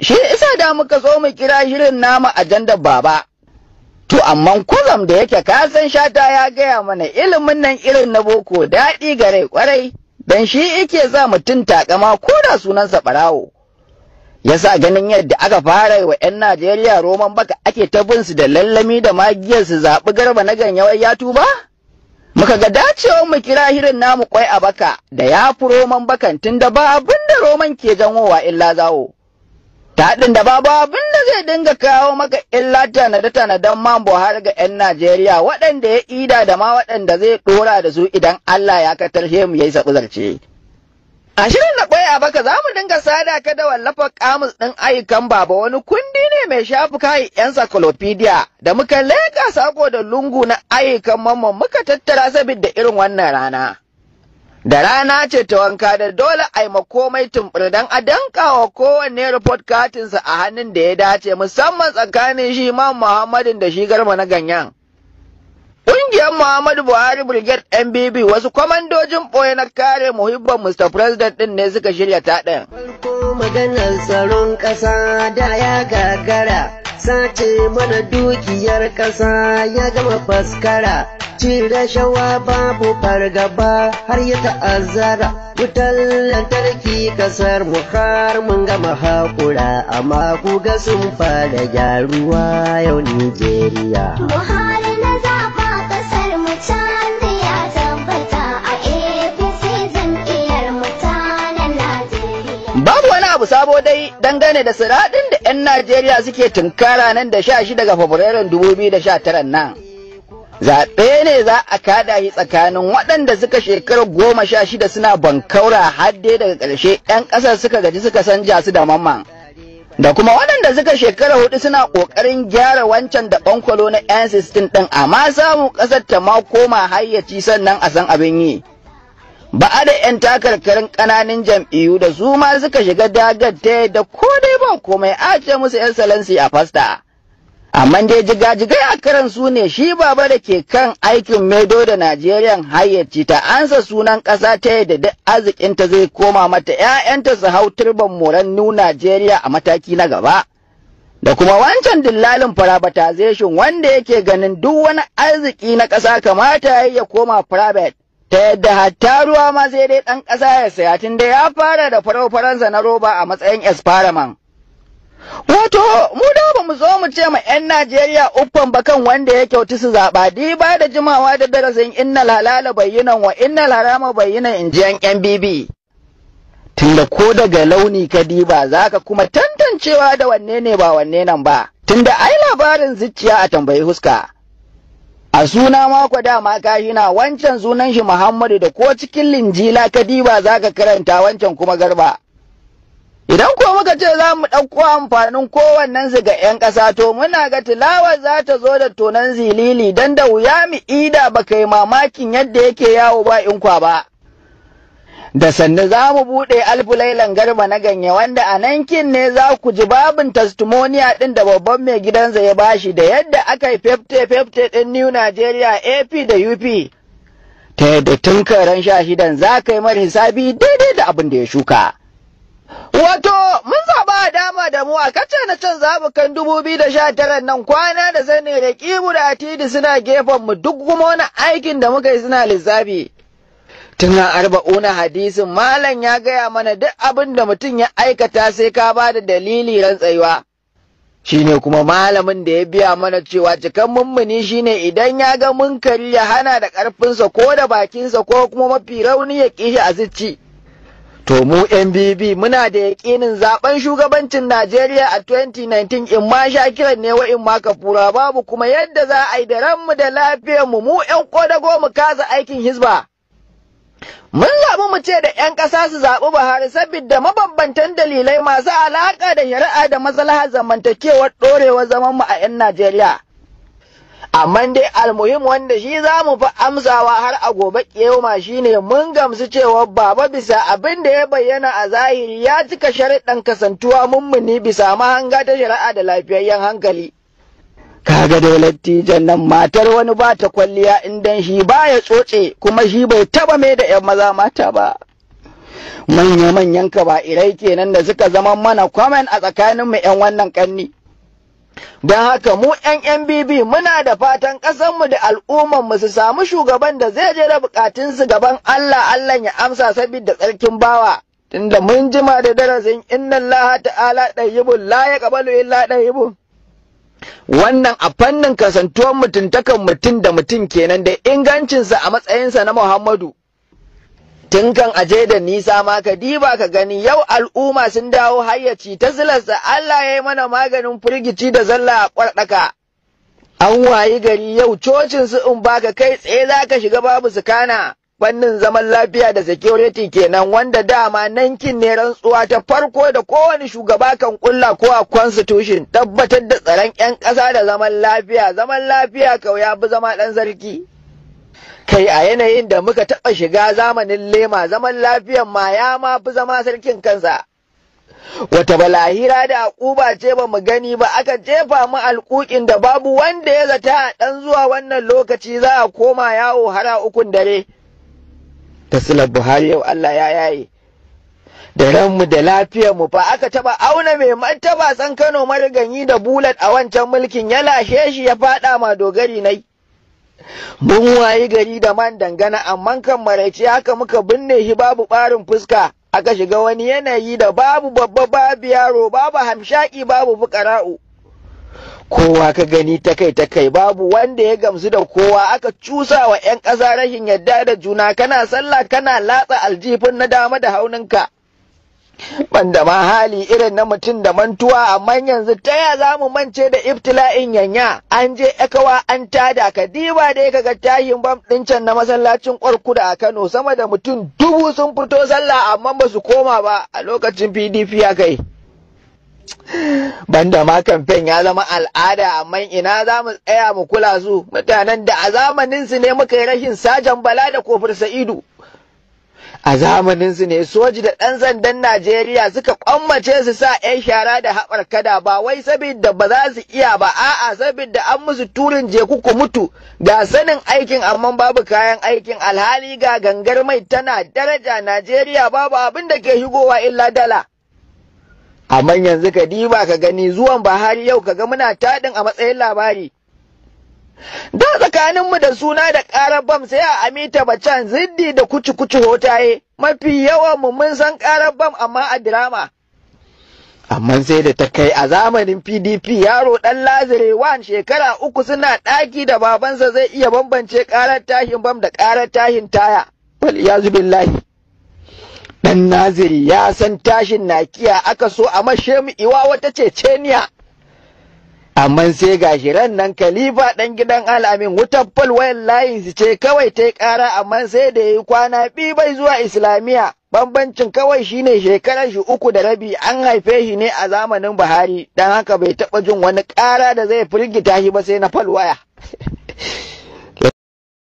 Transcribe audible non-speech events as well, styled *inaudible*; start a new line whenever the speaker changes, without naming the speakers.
Shi isa da muka zo mu kira shirin namu ajandar baba. To amma kulam da yake kasan shata ya gaya mana ilimin nan irin na boko daɗi gare kwarai, dan shi yake za mutum takama ko da sunansa ɓarawo. Yasa ganin yadda aka fara wa 'yan Najeriya roman baka ake ta bin su da lallami da magiyar su zaɓi garba na wai ya tuba? Muka ga dacewar mu kira hirin namu kwai a baka da ya fi roman bakan tun da ba abin da roman ke janwowa illa zawo. ta haɗin da babu abin da zai dinga kawo maka illa tanada tanaden man har ga 'yan Najeriya waɗanda ya ida da ma waɗanda zai ɗora da su idan Allah ya tarhe mu ya yi saɓi zarce. A shirin na ƙwaya baka za mu dinga sada ka da wallafa kamus ɗin ayyukan baba wani kundi ne mai kai yan encyclopedia da muka leƙa sako da lungu na ayyukan mamman muka tattara sabida irin wannan rana. da rana ce ta wanka da dole a yi makomai tumɓuri don a dankawa kowanne report katinsa a hannun da ya dace musamman tsakanin shi ma muhammadin da shi garma na ganyen Ƙungiyar Muhammadu Buhari Brigade NBB wasu kwamandojin ɓoye na kare muhibban Mr. President ɗin ne suka shirya taɗin. Farko maganar tsaron ƙasa da ya gagara, sace mana dukiyar ƙasa ya gama faskara. Ci shawa babu fargaba har ya ta'azzara wutar lantarki kasar mu har mun gama haƙura amma ku ga sun fara gyaruwa yau Nijeriya. Babu wani abu sabo dai dangane da siraɗin da 'yan Najeriya suke tunkara nan da sha shi ga Fabrairun 2019 nan. zaɓe ne za a kada yi tsakanin waɗanda suka shekaru goma sha shida suna bankaura har dai daga ƙarshe 'yan ƙasar suka gaji suka san jasu da mamman da kuma waɗanda suka shekara hudu suna ƙoƙarin gyara wancan da ɓankwalo na 'yan sistin ɗin amma samun ƙasar ta ma koma hayyaci sannan a san abin yi ba a da 'yan takarkarin ƙananan jam'iyyu da su ma suka shiga dagar ta da ko dai ba komai a ce musu 'yan salansi a fasta amma dai jigajigai a karan su ne shi baba da ke kan aikin maido da najeriya hayyaci ta ansa sunan ƙasa ta yadda duk arzikinta zai koma mata 'ya'yanta su hau turban moran NU najeriya a mataki na gaba da kuma wancan dillalin privatization wanda yake ganin duk wani arziki na ƙasa kamata ya koma private ta yadda hatta ruwa ma sai dai ɗan ƙasa ya saya tun da ya fara da farau faransa na roba a matsayin esparaman. Wato, mu da ba mu zo mu ce ma 'yan Najeriya uffan ba kan wanda ya kyautu su zaɓa, di ba da jimawa da darasin inna lalala bayyanan wa inna larama bayyanan in ji 'yan bibi. Tunda ko daga launi ka diba za ka kuma tantancewa da wanne ne ba wanne nan ba, tunda ai labarin zuciya a tambayi huska. A suna mako dama na wancan sunan shi Muhammadu da ko cikin linjila ka diba za ka karanta wancan kuma garba. Idan kuwa muka ce za mu ɗauko amfanin su ga ‘yan ƙasa to muna ga tilawar za ta zo da tonan zilili don da wuya mu ida ba yi mamakin yadda yake yawo ba in kwa ba. Da sannu za mu buɗe alfulailan garba na ganye wanda a nan kin ne za ku ji babin testimonia ɗin da babban mai gidansa ya bashi da yadda aka yi fefte-fefte ɗin New Nigeria AP da UP. Ta yadda tun karen sha shidan za ka yi mar hisabi daidai da abin da ya shuka. Wato mun zaba dama da mu a kace na can zabukan 2019 nan kwana da zan zanin raƙibu da atidi suna gefen mu duk kuma wani aikin da muka yi suna lissafi. Tun a arba'una hadisin malam ya gaya mana duk abin da mutum ya aikata sai ka ba da dalili rantsaiwa. ne kuma malamin da ya biya mana cewa cikan mummuni shi ne idan ya ga mun ya hana da ƙarfinsa ko da bakinsa ko kuma mafi rauni ya ƙi shi a zicci. To mu NBB muna da yaƙinin zaben shugabancin Najeriya a 2019 in ma sha kiran ne wa in ma ka fura babu kuma yadda za a yi da ranmu da lafiyar mu mu ƴan kodago mu kasa aikin hizba. Mun zaɓi mu ce da ‘yan ƙasa su zaɓi Buhari saboda mabambantan dalilai masu alaƙa da shari'a da maslahar zamantakewar ɗorewar mu a ‘yan Najeriya. amma dai almuhim wanda shi za mu fi amsawa har a gobe shi shine mun gamsu cewa baba bisa abin da ya bayyana a zahiri ya cika sharaɗin kasantuwa mummuni bisa mahanga ta shari'a da lafiyayyen hankali kaga dai lattijan nan matar wani ba ta kwalliya in dan shi baya tsotse kuma shi bai taba mai da 'yan maza mata ba manya-manyan ka ba irai kenan da suka zama mana kwamen a tsakaninmu 'yan wannan kanni. Don haka mu ‘yan NBB muna da fatan ƙasanmu da al'ummarmu su samu shugaban da zai jera buƙatunsu gaban Allah Allah ya amsa sabida tsarkin bawa. Tunda mun jima da darasin inna Allah ta'ala ɗayyibun la ya ƙabalu illa ɗayyibun. Wannan a fannin kasantuwar mutuntakan mutum da mutum kenan da ingancinsa a matsayinsa na Muhammadu. tun kan aje da nisa ma ka diba ka gani yau al'umma sun dawo hayyaci ta zilarsa Allah ya yi mana maganin firgici da zalla a kwarɗaka. An wayi gari yau cocin su in baka kai tsaye za ka shiga babu kana Fannin zaman lafiya da security kenan wanda dama nankin ne rantsuwa ta farko da kowane shugaba kan kulla ko a constitution tabbatar da tsaron 'yan ƙasa da zaman lafiya zaman lafiya kawai ya bi zama ɗan sarki. kai a yanayin da muka taɓa shiga zamanin lema zaman lafiyan ma ya ma fi zama sarkin kansa wata balahira da akuba ce ba mu gani ba aka jefa mu alƙuƙin da babu wanda ya zata a ɗan zuwa wannan lokaci za a koma yawo har a ukun dare tasilar buhari yau allah ya yaye da ranmu da lafiyarmu fa aka taɓa auna mai martaba san kano mariganyi da bulat a wancan mulkin ya lashe shi ya faɗa ma dogari nai Mun wayi gari da man dangana amma kan maraice haka muka binne shi babu ɓarin fuska aka shiga wani yanayi da babu babba babu yaro babu hamshaki babu fukara'u. Kowa ka gani ta kai babu wanda ya gamsu da kowa aka cusa wa ‘yan ƙasa rashin yadda da juna kana sallah kana latsa aljifin na dama da hauninka. banda ma hali irin na mutum da mantuwa amma yanzu ta ya za mu mance da ibtila'in yanya an je ekawa an tada ka diba da kaga tahin bam din can na masallacin kwarkuda a Kano sama da mutum dubu sun fito sallah amma ba su koma ba a lokacin PDP ya kai banda ma kamfen ya zama al'ada amma ina za mu tsaya mu kula su mutanen da a zamaninsu ne muka yi rashin sajan bala da kofar sa'idu a zamanin su ne soji da ɗan sandan Najeriya suka kwammace su sa 'yan shara da haɓar kada ba wai saboda ba za su iya ba a'a saboda an musu turin jeku ku mutu ga sanin aikin amma babu kayan aikin alhali ga gangar mai tana daraja Najeriya babu abin da ke shigowa illa dala amma yanzu ka diba ka gani zuwan Buhari yau kaga muna taɗin a matsayin labari tsakaninmu da suna da ƙarar bam sai a amita bacan ziddi da kuci kuci hotaye mafi yawan mu mun san ƙarar bam amma a drama. amma sai da ta kai a zamanin pdp yaro ɗan lazare wan shekara uku suna ɗaki da babansa zai iya bambance ƙarar tashin bam da ƙarar tashin taya wal iyazu billahi dan naziri ya san tashin nakiya aka so a mashe mu iwa wata ceceniya amma sai ga shirin nan kalifa ɗan gidan al'amin wutar falwayan layin su ce kawai ta yi ƙara amma sai da ya yi kwana biyu bai zuwa islamiyya bambancin kawai shine shekarar shi uku da rabi an haife shi ne a zamanin buhari don haka bai taɓa jin wani ƙara da zai firgita shi ba sai na falwaya *laughs*